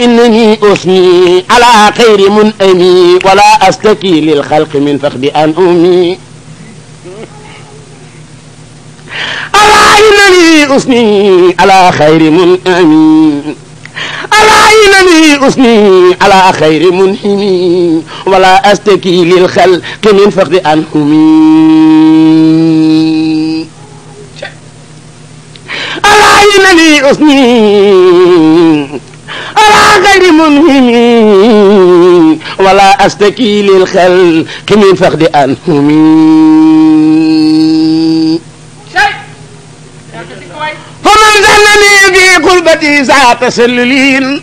إنني أثني على خير منأمي ولا أستكي للخلق من فخد أن أمي ألا إنني أثني على خير منأمي ألا إنني أثني على خير منهمي ولا أستكي للخلق من فخد أن أمي ألا إنني أثني على غير منهم ولا أستكي للخل من فقد أنهم فمن ذنني في قربتي ساعة سللين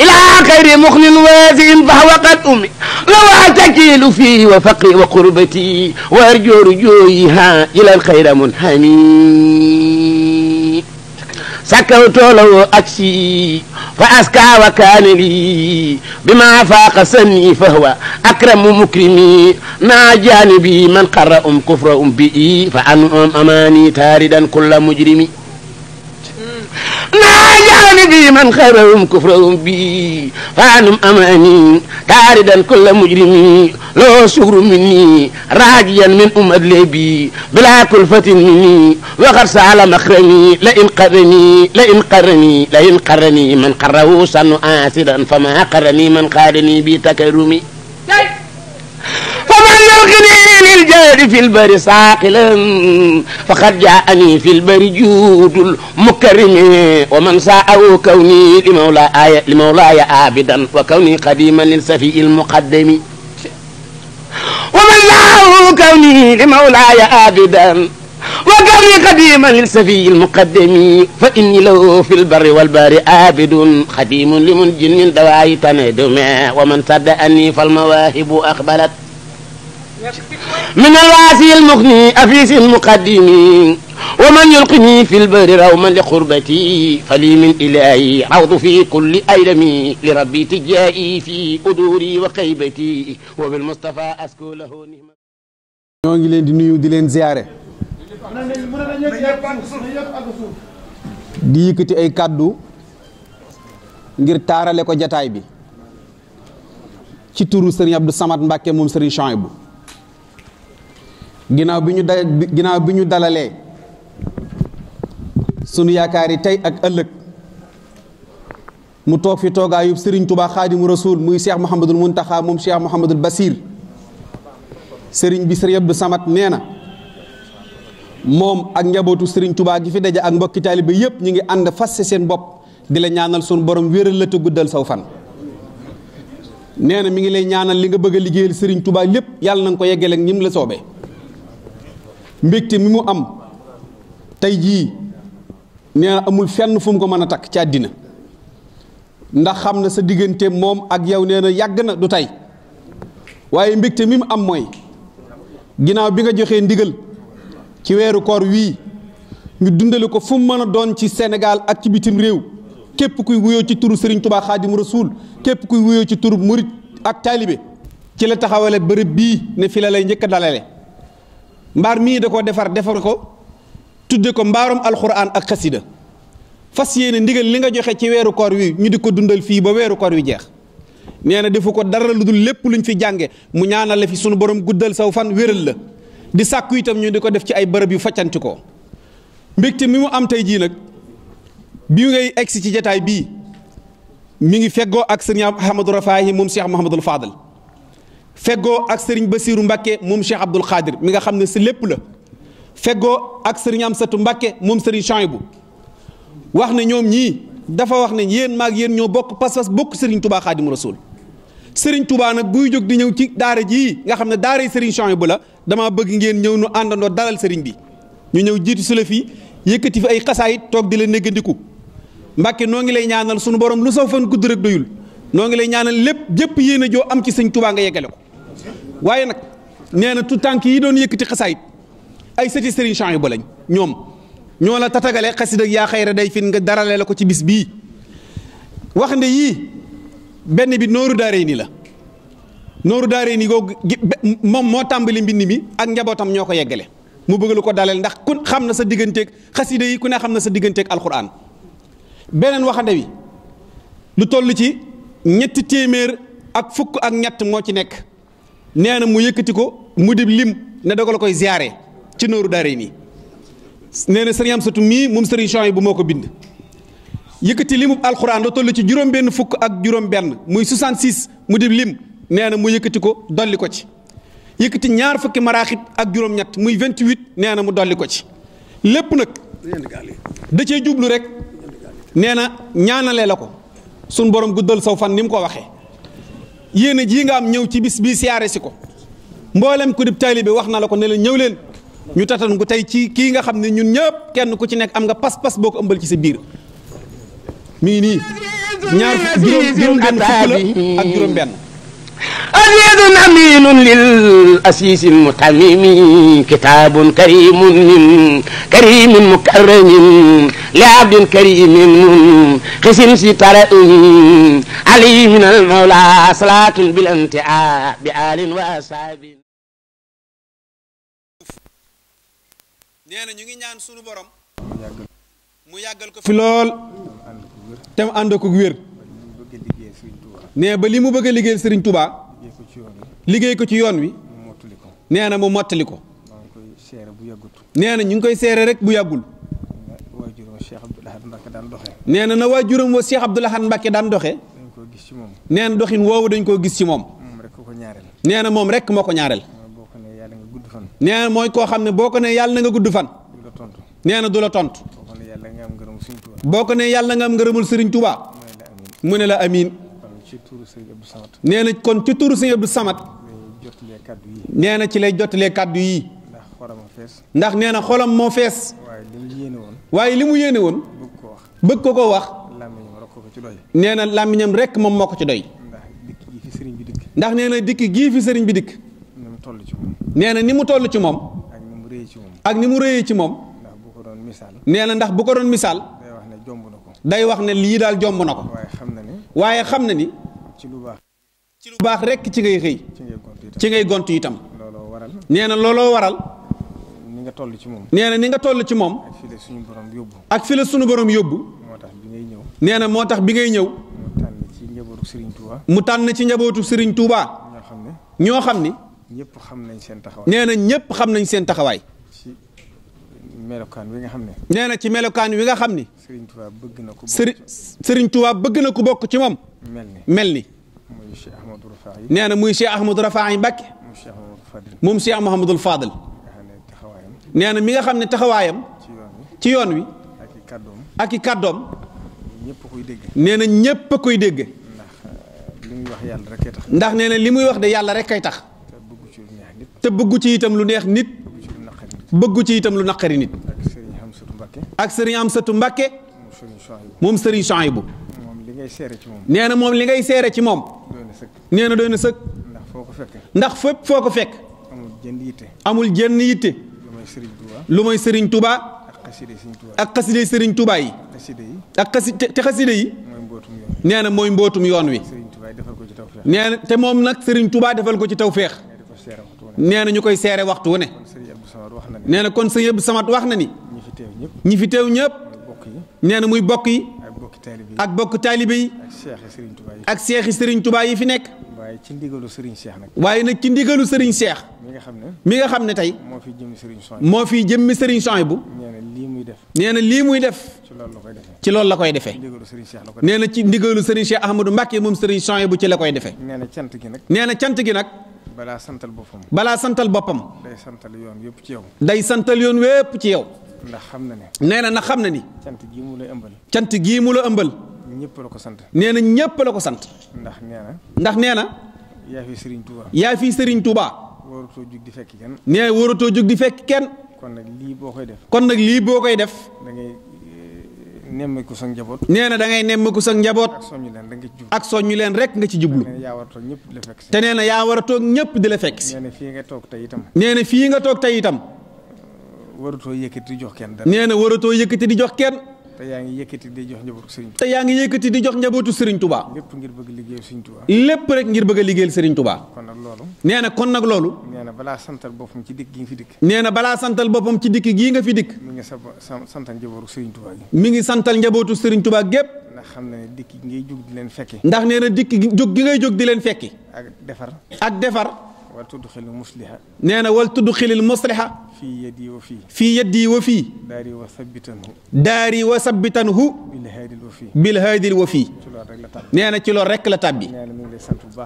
إلى خير مخل وازن فهو قد أمي لو أتكيل فيه وفقري وقربتي وأرجو رجويها إلى الخير منحني سكوت له أكسي فأزكى وكان لي بما فاق سني فهو أكرم مكرمي مع جانبي من قرأ كفر بي فأنعم أماني تاردا كل مجرمي الإيمان من خبرهم كفرهم بي فانم امانين تاردا كل مجرمي لو شكر مني راجيا من ام ادلبي بلا كلفة مني وخرس على مخرمي لئن قرني لئن قرني لئن قرني من قره سن آسدا فما قرني من قارني بتكرمي أغني للجار في البر ساقلا فقد جاءني في البر جود المكرم ومن ساءه كوني لمولاي, لمولاي عابدا وكوني قديما للسفي المقدم ومن ساءه كوني لمولاي عابدا وكوني قديما للسفي المقدم فإني له في البر والبار عابد خديم لمنجن من دواعي تندم ومن صدأني فالمواهب أقبلت من الواسي المغني أفيس المقدم ومن يلقني في البر روما لقربتي فلي من إلهي عوض في كل أيلمي لربي تجائي في أدوري وقيبتي وبالمصطفى أسكو له نهمة ñoo ngi leen di nuyu di leen ziare di yëkkati ay kàddu ngir taarale ko jataay bi ci turu sëriñ Abdou Samad Mbàkke moom sëriñ Chouaïbou ginnaaw bi ñu da ginnaaw bi ñu dalalee sunu yaakaar yi tey ak ëllëg mu toog fi toogaayub Serigne Touba Xaadimu Rasuul muy Cheikh Mouhamadul taxaa moom Cheikh Mouhamadul Basir Serigne bi Serigne Abdou Samad nee na moom ak njabootu Serigne Touba gi fi daje ak mbokki taalibe yëpp ñu ngi ànd fas seen bopp di la ñaanal sunu borom wéral la te guddal saw fan. nee na mi ngi lay ñaanal li nga bëgg a liggéeyal Serigne Touba lépp yàlla na nga ko yeggaleeg ñim la soobee. mbégte mi mu am tey jii nee na amul fenn fu mu ko mën a takk ci àddina ndax xam na sa diggante moom ak yow nee na yàgg na du tey waaye mbégte mi mu am mooy ginnaaw bi nga joxee ndigal ci weeru koor wii ñu dundali ko fu mu mën a doon ci senegal ak ci bitim réew képp kuy wuyoo ci turu Serigne Touba Xaadimu Rasuul képp kuy wuyoo ci tur murit ak taalibe ci la taxawale bërëb bii ne fi la lay njëkk a dalale mbar mi da ko defar defar ko tudde ko mbarum alquran ak qasida fas yéene ndigal li nga joxe ci wéru koor wi ñu diko dundal fi ba wéru koor wi jeex neena defu ko dara lu dul lépp luñ fi jànge mu ñaanal la fi sunu borom guddal saw fan wéral la di sàkku itam ñu diko def ci ay bërëb yu faccanti ko mi mu am tay ji nak bi ngay ex ci jotaay bi mi ngi feggo ak serigne Ahmadou Rafahi moom Cheikh Mouhamadoul Fadal feggoo ak sëriñ Basiiru Mbàkke moom Cheikh Abdoul Khadir mi nga xam ne si lépp la fegoo ak sëriñ Amsatu Mbàkke moom sëriñ Chouaïbou wax ne ñoom ñii dafa wax ne yéen maag yéen ñoo bokk pas-pas bokk sëriñ Touba Xaadimu Rasuul sëriñ Touba nag buy jóg di ñëw ci daara jii nga xam ne daara yi sëriñ Chouaïbou la damaa bëgg ngeen ñëw nu àndandoo dalal sëriñ bi ñu ñëw jiit su la fii yëkkati fi ay xasaayit toog di la néggandiku Mbàkke noo ngi lay ñaanal sunu borom lu saw fan gudd rek doyul noo ngi lay ñaanal lépp jëpp yéen a joo am ci sëñ Touba ko waaye nag nee na tout tànk yi doon yëkkati xasaayit ay sëti sëriñ champs yu ba lañ ñoom ñoo la tatagale xasida ak yaa xayra day fin nga darale la ko ci bis bii wax ne yii benn bi nóoru daaree nii la nooru daaree nii googu moom moo tàmbali mbind mi ak njabootam ñoo ko yeggale mu bëgg lu ko daleel ndax ku xam na sa digganteeg xasida yi ku ne xam na sa digganteeg alxuraan beneen waxande wi lu toll ci ñetti téeméer ak fukk ak ñett moo ci nekk nee mu yëkkati ko mu di lim ne da la koy ziare ci nooru daare nii nee na sëriñ Amsatu mii moom sëriñ Chouaïb bu moo ko bind yëkkati limub alxuraan la toll ci juróom-benn fukk ak juróom-benn muy 66 mu di lim nee na mu yëkkati ko dolli ko ci yëkkati ñaar fukki maraaxib ak juróom-ñett muy 28 nee na mu dolli ko ci lépp nag da cee jublu rek nee na ñaanalee la ko suñ borom guddal saw fan ni mu ko waxee. yéen a ji nga am ñëw ci bis bii siyaare si ko mboolem ku dib taalibe wax na la ko ne leen ñëw leen ñu tatan gu tey ci kii nga xam ne ñun ñëpp kenn ku ci nekk am nga pas-pas boo ko ëmbal ci sa biir mi ngi nii ñaar juróom juróom benn fukk la ak juróom benn أبيض أمين للأسيس المتمم كتاب كريم من كريم مكرم لعبد كريم خسن سترأ علي من المولى صلاة بالانتعاء بآل وأصحاب nee na ñu ngi ñaan sunu borom mu yàggal ko fi lool te mu ànd ak wér nee ba li mu bëgg a liggéeyal sëriñ Touba. liggéey ko ci yoon wi. nee na mu mottali ko. nee na ñu ngi koy seere rek bu yàggul. nee na waa waajuram wa Cheikh Abdoul Ahad Mbacke daan doxe nee na doxin woowu dañ koo gis ci moom. nee na moom rek moo ko ñaareel. nee na mooy koo xam ne boo ko nee yàlla nga gudd fan. nee na du la tontu. boo ko nee yàlla nga am ngërëmul sëriñ Touba. mu ne la amiin. ci turu sëñ Abdou Samad. nee na kon ci turu sëñ Abdou Samad. nee na ci lay jotalee kàddu yi. ndax xolam fees. ndax nee na xolam moo fees. waaye li mu yéene woon. waaye li mu yéene woon. bëgg ko wax bëgg ko ko wax. làmmiñam rek ko ci doy. nee na làmmiñam rek moom moo ko ci doy. ndax dikk dikk. ndax nee na dikk gii fi sëriñ bi dikk. ni mu toll ci moom. ni mu toll ci moom. ak ni mu rëyee ci moom. ak ni mu rëyee ci moom. nee na ndax bu ko doon misaal. day wax ne lii daal jomb na ko. waaye xam na ni. ci lu baax ci lu baax rekk ci ngay xëy. ci ngay gont itam. looloo waral nee na looloo waral. ni nga toll ci moom. nee na ni nga toll ci moom. ak fi la suñu borom yóbbu. ak suñu borom yóbbu. moo tax bi ngay ñëw. nee na moo tax bi ngay ñëw. mu tànn ci njabootu Serigne Touba. mu tànn ci njabootu Serigne Touba. ñoo xam ne. ñoo xam ni. ñëpp xam nañ seen taxawaay. nee na ñëpp xam nañ seen taxawaay. melokaan wi xam ne. nee na ci melokaan wi nga xam ni. Serigne Touba bëgg na ko. Serigne Serigne Touba bëgg na ko bokk ci moom. mel ni mel ni. muy Cheikh Ahmadou Rafahi. nee na muy Cheikh Ahmadou Rafahi Mbacke. moom Cheikh Mouhamadul Fadel. nee na mi nga xam ne taxawaayam. ci yoon wi. ak i kàddoom ak i ñëpp koy dégg. nee na ñëpp a koy dégg. ndax eh, li muy wax yàlla rek ndax nee na li muy wax de yàlla rek kay tax. te bëggu ci lu neex nit. bëggu ci itam lu naqari nit. ak sëriñ Amsatu Mbàkke moom sëriñ Chouaïbou nee na moom li ngay seere ci moom. nee na doy na sëkk. ndax fépp foo ko fekk. amul jënn yitte. lu mooy sëriñ Touba. ak xaside yi sëriñ Touba yi. ak xaside te xaside yi. nee na mooy mbootum yoon wi. nee na te moom nag sëriñ tubaa defal ko ci tawféex. nee na ñu koy seere waxtu wu ne. nee na kon sëñ Abdou Samad wax na ni. ñi fi teew ñëpp. ñi fi nee na muy bokk yi. ak bokk taalibe yi. ak seexi sëriñ Touba yi fi nekk. waaye ci ndigalu Serigne Cheikh nag. waaye nag ci ndigalu sëriñ Cheikh. mi nga xam ne. mi nga xam ne tey. moo fi jëmmi Serigne Soñ. moo fi jëmmi Serigne Soñ bu. nee na lii muy def. nee na lii muy def. ci loolu la koy defee. ci loolu la koy defee. nee na ci ndigalu Serigne Cheikh Ahmadou Mbacke moom Serigne Soñ bu ci la koy defee. nee na cant gi nag. nee na cant gi nag. balaa santal boppam. balaa santal boppam. day santal yoon yëpp ci yow. day santal yoon wépp ci yow. ndax xam na ne. nee na na xam na ni. cant gii mu la ëmbal. cant gii mu la ëmbal. ñëpp la ko sant. nee na ñëpp la ko sant. ndax nee na. ndax nee na. yaa sëriñ Serigne Touba. yaa fi Serigne Touba. waratoo jug di fekk kenn. nee waratoo jug di fekk kenn. kon lii boo koy def. kon nag lii boo koy def. nemmeeku sa njaboot. nee na da ngay nemmeeku sa njaboot. ak soññu leen rek nga ci jublu. te nee na yaa war a toog ñëpp di la fekk si. nee fii nga toog tey itam. nee na fii nga toog tey itam. waratoo yëkkati di jox kenn dara. nee na waratoo yëkkati di jox kenn. te yaa ngi yëkkati di jox njabootu Serigne Touba. te yaa ngi yëkkati di jox njabootu Serigne Touba. lépp ngir bëgg liggéeyal Serigne Touba. lépp rek ngir bëgg a liggéeyal Serigne Touba. kon nag loolu. nee na kon nag loolu. nee na balaa santal boppam ci dikk gi nga fi dikk. neena na balaa santal boppam ci dikk gii nga fi dikk. mi ngi santal njabootu Serigne Touba gi. mi ngi santal njabootu Serigne Touba gépp. ndax xam na ne dikk gi ngay jóg di leen fekki. ndax nee na dikk gi jóg gi ngay jog di leen fekki. ak defar ak defar. ولتدخل المصلحة نانا ولتدخل المصلحة في يدي وفي في يدي وفي داري وثبتنه داري وثبتنه بالهادي الوفي بالهادي الوفي نانا تلو رك لتابي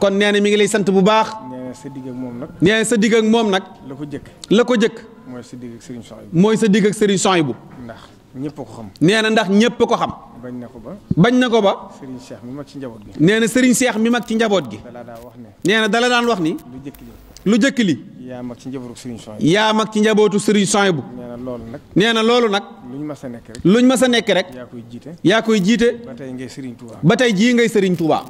كون نانا ميغلي سنت بو باخ نانا سديك اك موم نك نانا سديك اك موم نك لكو جك لكو جك موي سديك اك سيرين شعيب موي سديك اك سيرين شعيب ناخ ñëpp na ndax ñëpp ko xam. bañ na ko ba. bañ na ko ba. Serigne Cheikh mi mag ci njaboot gi. nee na Serigne Cheikh mi mag ci njaboot gi. nee na dala daan wax ni. lu jëkk li. lu jëkk li. yaa mag ci njabootu Serigne Souhaïbou. yaa mag ci njabootu Serigne Souhaïbou. nee loolu nag. nee na loolu nag. luñ mas a nekke rek. luñ a nekk rek. yaa koy jiite. yaa koy jiite. ba tey ngay Serigne Touba. ba tey jii ngay Serigne Touba.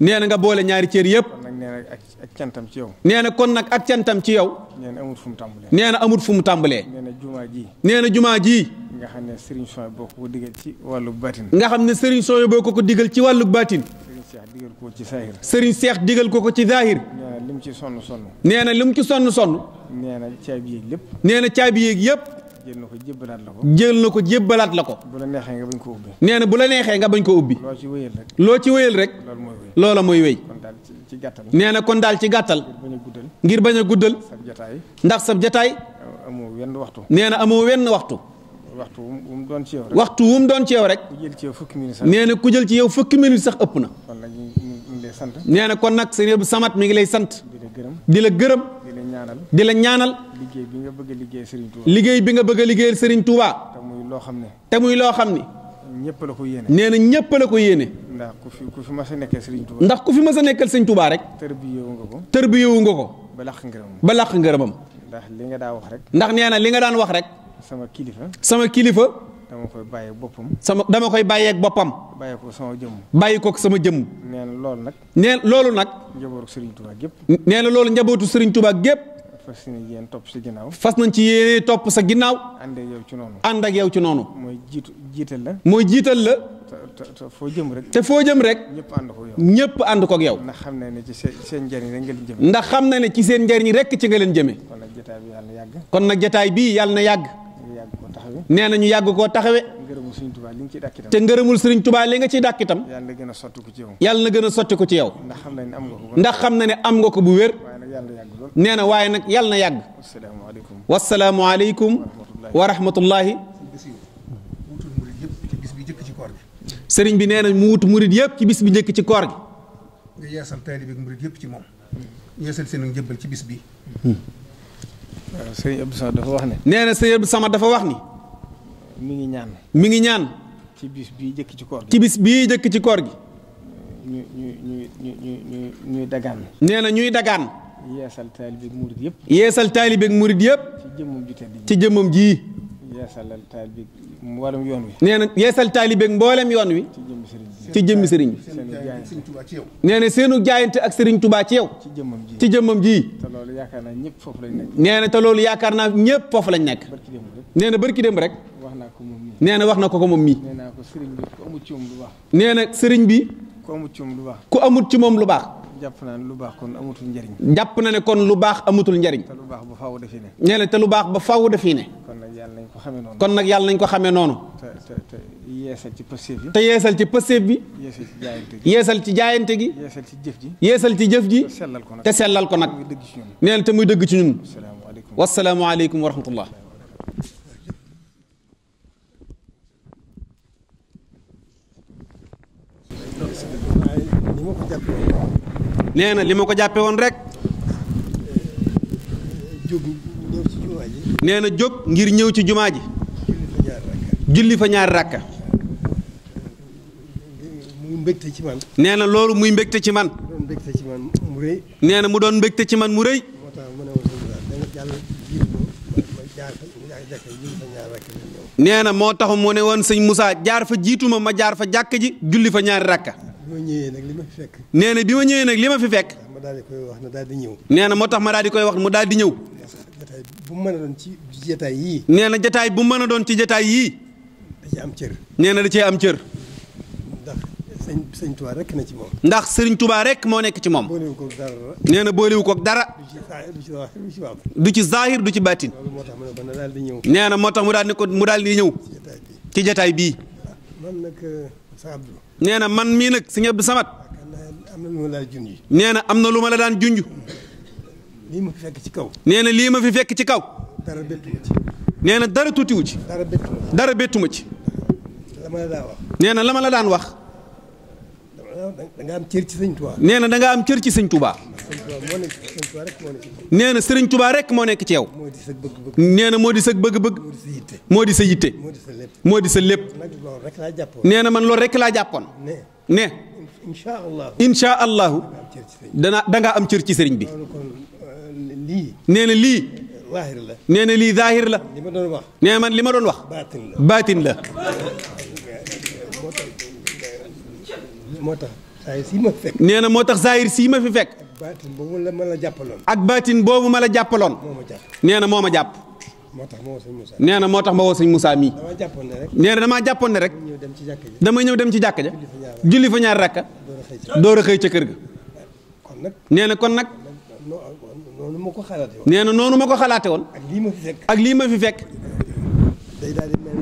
nee na nga boole ñaari cër yëpp. nee na ak cantam ci yow. nee na kon nag ak cantam ci yow. nee na amut fu mu tàmbalee. nee na amut fu mu tàmbalee. nee na jumaa ji. ji. nga xam ne Serigne Sonia boo ko digal ne Serigne boo ko ko digal ci wàllu baatin. Serigne ko ci Zahir. nee na li mu ci sonn sonn. nee na li mu ci sonn sonn. na caabi yeeg lépp. nee na caabi yeeg yëpp. jël na ko jébbalaat la ko. jël na ko la ko. bu la neexee nga bañ ko ubbi. na bu la neexee nga bañ ko ubbi. loo ci wéyal rek. loo ci wéyal rek. loola mooy wéy. nee na kon daal ci gàttal. ngir bañ a guddal. ndax sab jataay. amoo wenn waxtu. nee na amoo wenn waxtu. waxtu wu mu doon ci yow rek. waxtu wu mu doon ci yow rek. jël ci yow fukki minutes nee na ku jël ci yow fukki minutes sax ëpp na. kon nag ñu ngi nee na kon nag sëñ bi Samat mi ngi lay sant. di la gërëm di la gërëm. la ñaanal di la ñaanal. liggéey bi nga bëgg a liggéeyal Serigne Touba. liggéey bi nga bëgg a liggéeyal Serigne Touba. te muy loo xam ne. te muy loo xam ne. ñëpp la ko yéene. nee na ñëpp la ko yéene. ndax ku fi ku fi a nekkal Serigne Touba. ndax ku fi mas a nekkal Serigne Touba rek. tërbiyewu nga ko. tërbiyewu nga ko. ba làq ngërëmam. ba làq ngërëmam. ndax li nga daa wax rek. ndax li nga daan wax rek. sama kilifa. sama kilifa. dama koy bàyyi boppam. sama dama koy bàyyeeg boppam. bàyyi ko sama jëmm. bàyyi ko sama jëm nee na loolu nag. nee loolu nag. njabootu Serigne Touba gépp. nee na loolu njabootu Serigne Touba gépp. fas nañ ci yéen topp sa ginnaaw. fas nañ ci yéen topp sa ginnaaw. ànd ak yow ci noonu. ànd ak yow ci noonu. mooy jiitu jiital la. mooy jiital la. te te foo jëm rek. te foo jëm rek. ñëpp ànd ko yow. ñëpp ànd ko ak yow. ndax xam na ne ci seen njëriñ rek nga leen jëme. ndax xam na ne ci seen njëriñ rek ci nga leen jëme. kon nag jotaay bi yàlla na yàlla na yàgg. nee na ñu yàgg koo taxawe te ngërëmul Serigne Touba li nga ciy dàkk itam yàlla na gën a sotti ko ci yow yàlla na gën a sotti ko ci yow ndax xam na ne am nga ko bu wér nee na waaye nag yàlla na yàgg wasalaamualeykum wa rahmatullahi sëriñ bi nee na mu wut murit yëpp ci bis bi njëkk ci koor gi nga yeesal taalibe ak murit yëpp ci moom yeesal seen njëbbal ci bis bi sëriñ Abdou Samad dafa wax ne nee na sëriñ Abdou Samad dafa wax ni mi ngi ñaan. mi ngi ñaan. ci bis bii jëkk ci koor gi. ci bis bii jëkk ci koor gi. ñu ñu ñu ñu ñuy dagaan. nee na ñuy dagaan. yeesal taalibeeg murid yëpp. yeesal taalibeeg murid yëpp. ci jëmmam ci jëmmam ji. yeesalal taalibeeg mboolem yoon wi. nee na yeesal taalibeeg mboolem yoon wi. ci jëmmi sëriñ bi ci nee na seenu jaayante ak sëriñ Touba ci yow. ci jëmmam ji ci jëmmam ji. te loolu yaakaar naa ñëpp foofu lañ nekk. nee na te loolu yaakaar naa ñëpp foofu lañ nekk. nee na barki démb rek. wax na ko moom nee na wax na ko ko moom mii. nee na sëriñ bi ku amut ci moom lu baax. nee na sëriñ bi. ku amut ci moom lu baax. ku amut ci moom lu baax. jàpp na ne lu baax kon amutul njariñ. jàpp na ne kon lu baax amutul njariñ. te lu baax ba faaw dafii ne. nee na te lu baax ba faaw dafii ne. kon nag yàlla nañ ko xamee noonu. kon nag yàlla nañ ko xamee noonu. te te te yeesal ci pëstéef bi. te yeesal ci pëstéef bi. yeesal ci jaayante gi. yeesal ci jaayante gi. yeesal ci jëf ji. yeesal ci jëf ji. te sellal ko nag te sellal ko nag. nee na te muy dëgg ci ñun. wasalaamaaleykum wa rahmatullah. ni ma ko jàppee nee na li ma ko jàppe woon rek. nee na jóg ngir ñëw ci jumaa ji. julli fa ñaari rakka. muy mbégte ci man. nee na loolu muy mbégte ci man. nee na mu doon mbégte ci man mu rëy. nee na moo tax mu ne woon sëñ musaa jaar fa jiituma ma jaar fa jàkk ji julli fa ñaari rakka. nee na bi ma ñëwee nag li ma fi fekk. ma wax na daal di ñëw. nee na moo tax ma di koy wax mu daal di ñëw. jataay bu mën a doon ci jataay nee na jataay bu mën a doon ci jataay yii. am cër. nee na da cee am cër. ndax sëñ sëñ Touba ci moom. ndax sëriñ Touba rek moo nekk ci moom. boolewu ko dara. na boolewu ko dara. du ci zahir du ci zahir du ci baatin. nee na moo tax mu daal di mu daal di ñëw. ci jataay bii. Ah, man euh, man mii nag sëñ Abdou Samad. am na lu ma la junj. nee na am na lu ma la daan junj. lii fekk ci kaw. nee na lii ma fi fekk ci kaw. dara nee na dara tuutiwu ci. dara bettu ci. dara ma la ma la daan wax. nee na la la daan wax. da nga am cër ci sëñ Touba. nee na da am cër ci sëñ Touba. nee na sëriñ Touba rek moo nekk ci yow. nee na moo di sa bëgg-bëgg. moo di sa yitte. moo di sa lépp. nee na man loolu rekk laa jàppoon. ne. incha allah incha allahu dana dangaa am cër ci sëriñ bi. nee euh, na lii. nee na lii zaahir la. nee man li ma doon wax. baatin la. nee na moo tax zaahir sii ma fi fekk. ak baatin boobu ma la jàppaloon. nee na moo ma jàpp. moo tax ma woo nee na moo tax ma woo sëñ Moussa mii. damaa jàppoon ne rek. nee na damaa jàppoon ne rek. dama ñëw dem ci jàkka ja. julli fa ñaar rakka. door a xëy ca kër ga. nee na kon nag. noonu ma ko xalaatee nee na noonu ma ko xalaatee woon. ak lii ma fi fekk. ak lii ma fi fekk. day daal mel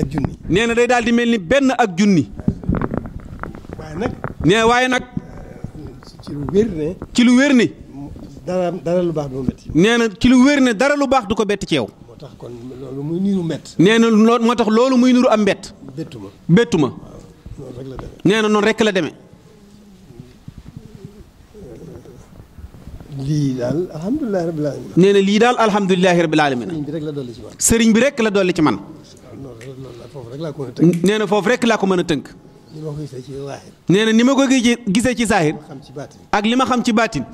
ni benn ak junni. nee na day daal di mel ni benn ak junni. waaye nag. nee waaye nag. ci lu wér ne. ci lu wér ne. lu baax du ko bett. na ci lu wér ne dara lu baax du ko bett ci yow. tax kon loolu muy niiru mbett. nee na moo tax loolu muy niiru am mbett. bettu ma bettu ma. nee na noonu rek la demee. lii daal alhamdulilah rabil aalamiina. nee na lii daal alhamdulilah rabil aalamiina. sëriñ bi rek la dolli ci man. sëriñ bi rek la dolli ci man. nee na foofu rekk laa ko mën a tënk. nee na ni ma ko gisee ci zaahir. ak ci baatin. ak li ma xam ci baatin.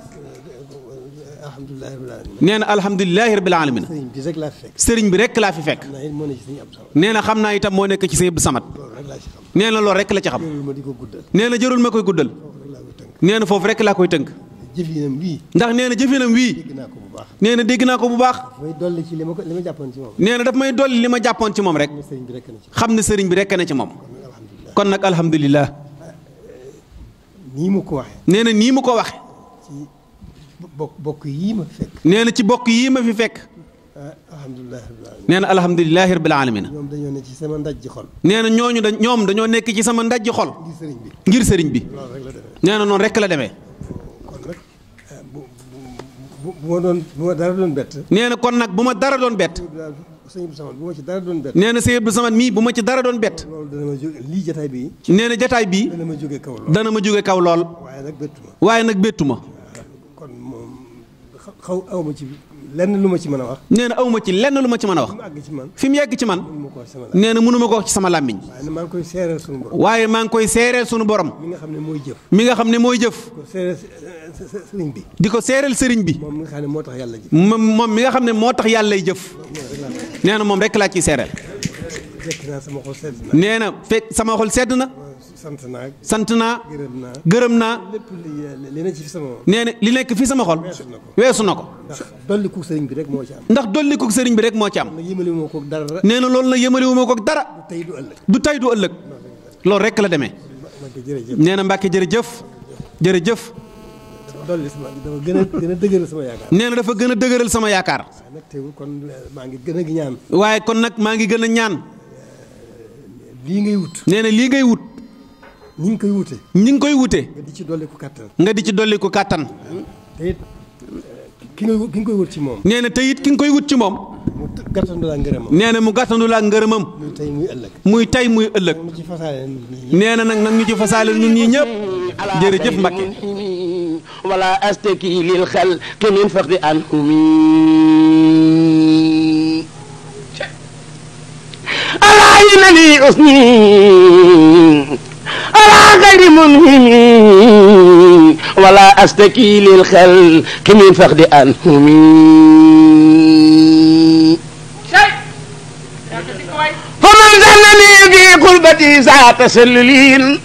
نينا الحمد لله رب العالمين سيرن بي رك لا في فك نينا خمنا ايتام مو نيك سي سيب سمات نينا لو رك لا سي خم نينا جيرول ماكوي غودل نينا فوف رك لا كوي تنك جيفينم وي نده نينا جيفينم وي نينا ديغنا كو بو باخ نينا داف ماي دولي ليما جابون سي موم رك خمنا سيرن بي رك نا سي موم كون نك الحمد لله ني مكو واخ نينا ني مكو واخ bokk bokk yii ma nee na ci bokk yii ma fi fekk. Ah, nee na alhamdulilahi rabbil aalamiina. ñoom dañoo ne ci sama ndajji xol. nee na ñooñu dañ ñoom dañoo nekk ci sama ndajji xol. ngir sëriñ bi ngir sëriñ bi. nee na noonu rek la demee. Eh, doon bu bett. nee na kon nag bu ma dara doon bett. sëñ Abdou Samad ci dara doon nee na sëñ Abdou Samad mii bu ma ci dara doon bett. loolu dana ma jóge lii jataay bii. nee na jataay bii. dana ma jóge kaw lool dana ma jóge kaw lool. waaye nag bettu waaye nag bettu ma. xaw aw ma ci lenn lu ma ci mën a wax. nee na aw ma ma ci mën a wax. fi mu yegg ci man. nee na ma ko wax ci sama làmmiñ. waaye maa ngi koy seereel sunu borom. waaye borom. mi nga xam ne mooy jëf. mi nga xam ne mooy jëf. di ko seereel sëriñ bi. moom mu nga xam ne moo tax yàlla jëf. moom moom mi nga xam ne moo tax yàlla jëf. nee na moom rek laa ciy seereel. nee na fekk sama xol sedd na. sant naa sant naa. gërëm naa gërëm naa. li nekk fi sama nee na xol. weesu na ko ndax dolliku sëriñ bi rek moo ci am. ndax dolliku sëriñ bi rek moo ci am. nee na loolu nag yëmaliwu ma ko dara. du tey du ëllëg. loolu rek la demee. nee na Mbàkke jërëjëf. jërëjëf. dolli sama dafa gën gën a dëgëral sama yaakaar. nee na dafa gën a dëgëral sama yaakaar. kon eh, maa ngi gën a waaye kon nag maa ngi gën a ñaan. Eh, lii ngay wut. nee lii ngay wut. ni nga koy wute. ni nga koy wute. nga di ci dolli ku kàttan. nga di ci dolli ko kàttan. te it ki nga koy wut ci moom. nee na te it ki nga koy wut ci moom. mu gàttandu laa nee na mu gàttandu laa ngërëmam. muy tey muy ëllëg. muy tey muy ëllëg. nee na nag nag ñu ci fasaale ñun ñii ñëpp. jërëjëf Mbacke. wala astaki lil xel ki min faxdi على غير منهم ولا أستكي للخل من فقد أنهم فمن ذنني في قربتي ذات سللين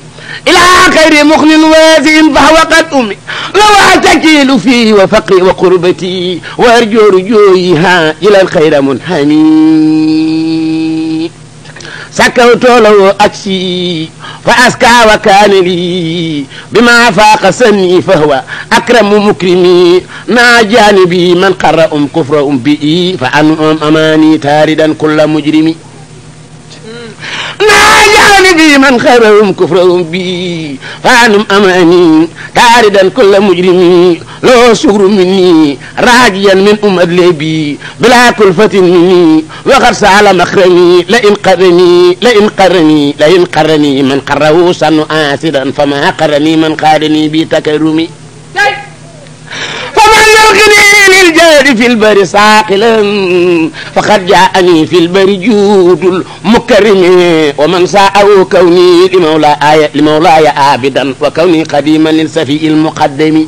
إلى خير مخن وازن فهو قد أمي لو أتكيل فيه وفقي وقربتي وأرجو رجويها إلى الخير منحني سكوت لو أكسي وأزكى وكان لي بما فاق سني فهو أكرم مكرمي مع جانبي من قرأ كفر بئي فعنهم أماني تاردا كل مجرمي بي من خيرهم كفرهم بي فانم اماني تاردا كل مجرمي لو شكر مني راجيا من ام ادلبي بلا كلفة مني وقد على مخرمي لئن قرني لئن قرني لئن قرني من قره سن آسدا فما قرني من قارني تكرمي عن الجار في البر ساقلا فقد جاءني في البر جود المكرم ومن ساءه كوني لمولاي, لمولاي عابدا وكوني قديما للسفي المقدم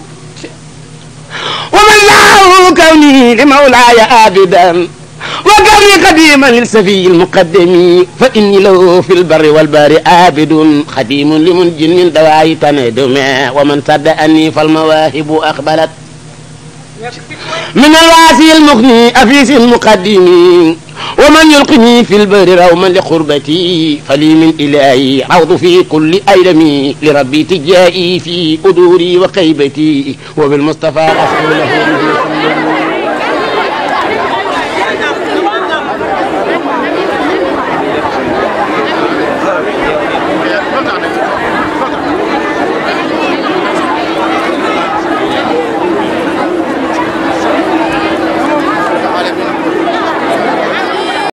ومن ساءه كوني لمولاي عابدا وكوني قديما للسفي المقدم فإني له في البر والبار عابد خديم لمنجن من دواعي تندم ومن صدأني فالمواهب أقبلت من الواسي المغني أفيس المقدم ومن يلقني في البر روما لقربتي فلي من إلهي عوض في كل أيلمي لربي تجائي في أدوري وخيبتي وبالمصطفى له